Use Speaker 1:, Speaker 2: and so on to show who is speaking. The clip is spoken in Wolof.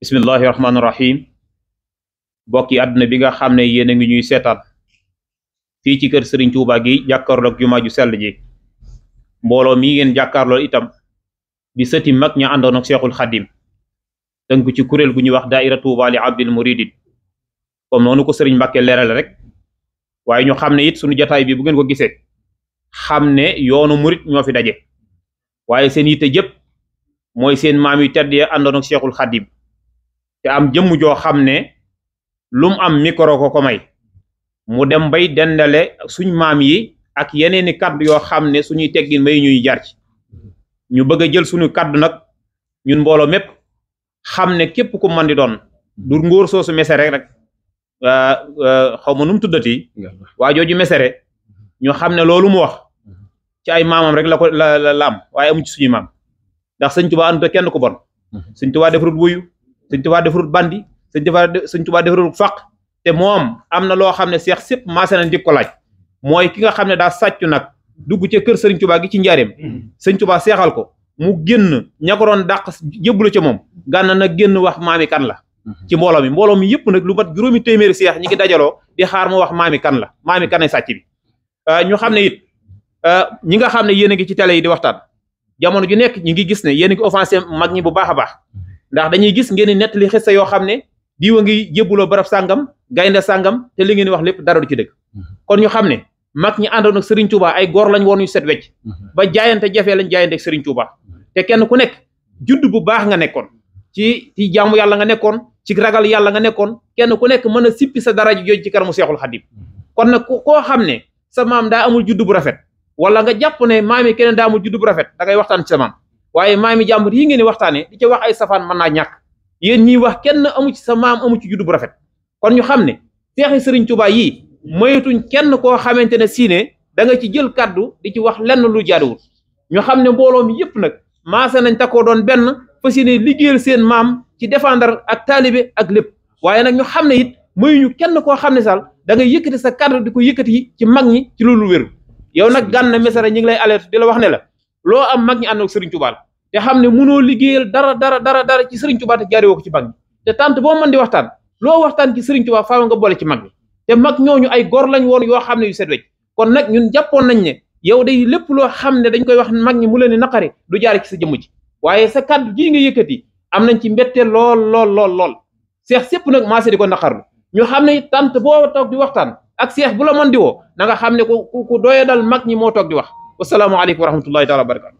Speaker 1: bismillahirrahmanirrahim rahim bokki àdduna bi nga xamne yene yéen ngi ñuy seetaan fi ci kër Serigne Touba gi jàkkaarloog jumaa ju sel ji mbolo mi ngeen jàkkaarloo itam di sëti mak ña andon ak Cheikhul Khadim tënk ci kurel gu ñu wax Touba li Abdul Murid comme ko Serigne Mbacke leral rek waye ñu xamne it suñu jotaay bi bu ngeen ko gisee xamne yoonu murit ño fi daje waye seen yitte jëpp moy seen mam yu tedd ya andon ak Cheikhul Khadim te am jëmm joo xam ne lum am micro ko ko may mu dem bay dendale suñ maam yi ak yeneeni kaddu yoo xam ne suñuy teggin may ñuy jar ñu bëgg a jël suñu kaddu nag ñun mbooloo mépp xam ne képp ku mën di doon du ngóor soosu mesere rek xaw ma nu mu tuddati waa jooju mesere ñu xam ne loolu mu wax ci ay maamam rek la ko la la waaye amu ci suñu maam ndax sëñ Tuubaa andu kenn ku bon sëñ Tuubaa defarut wuyu sëñ tubaa defarul bandi sëñ tubaa sëñ tubaa defarul faq te moom am na loo xam ne seex sépp maase nañ di ko laaj mooy ki nga xam ne daal sàccu nag dugg ca kër sëriñ tubaa gi ci njaareem mm-hmm. sëñ tubaa seexal ko mu génn ña ko doon dàq jébbalu ca moom gànna na génn wax maami kan la mm-hmm. ci mbooloo mi mbooloo mi yëpp nag lu mat juróomi téeméeri seex ñi ngi dajaloo di xaar mu wax maami kan la maami kan ay sàcc bi euh, ñu xam ne it euh, ñi nga xam ne yéen a ngi ci télé yi di waxtaan jamono ju nekk ñi ngi gis ne yéen a ngi mag ñi bu baax a baax ndax dañuy gis ngeen netli xissa yo xamne bulo diwa yebulo barap sanggam gaynde sangam te li ngeen wax lepp dara ci deug mhm. kon ñu xamne mak ñi andon ak Serigne Touba ay gor lañ won yu set wecc mhm. ba jaayante jafé lañ jaayante ak Serigne Touba te kenn ku nek judd bu baax nga nekkon ci ci jaamu yalla nga nekkon ci ragal yalla nga nekkon kenn ku nek meuna sippi sa dara joj ci karamu cheikhul xadim mhm. kon nak ko xamne sa mam da amul judd bu rafet wala nga japp ne maam keneen amul judd bu rafet da ngay waxtan ci sa waye mami jambour yi ngeen waxtane di ci wax ay safaan man na ñak yeen ñi wax kenn amu ci sa mam amu ci juddu bu rafet kon ñu xamne ne serigne touba yi yii kenn ko xamantene sine da nga ci jël kaddu di ci wax lenn lu jaaduwul ñu xamne mbolom mbooloo nak ma sa maase nañ takoo doon ben fas yéene seen ci défendre ak talibé ak lepp waye nak ñu xamne mayuñu kenn ko xamne sal da nga yëkëti sa kaddu di ko yëkkati ci mag ñi ci lu wër yow gan na message ñi ngi lay alerte di la wax ne la loo am mag ñi ànd ak Serigne Touba te xam ne mënoo liggéeyal dara dara dara dara ci Serigne Touba te jaaree ko ci mag ñi te tant boo mën di waxtaan loo waxtaan ci Serigne Touba faaw nga boole ci mag ñi te mag ñooñu ay gor lañ woon yoo xam ne yu set wecc kon nag ñun jàppoon nañ ne yow day lépp loo xam ne dañ koy wax mag ñi mu leen di naqari du jaare ci sa jëmm ji waaye sa kàddu jii nga yëkkati am nañ ci mbette lool lool lool lool seex sépp nag maa di ko naqarlu ñu xam ne tant boo toog di waxtaan ak seex bu la mën di woo na nga xam ne ku ku doya dal mag ñi moo toog di wax والسلام عليكم ورحمه الله تعالى وبركاته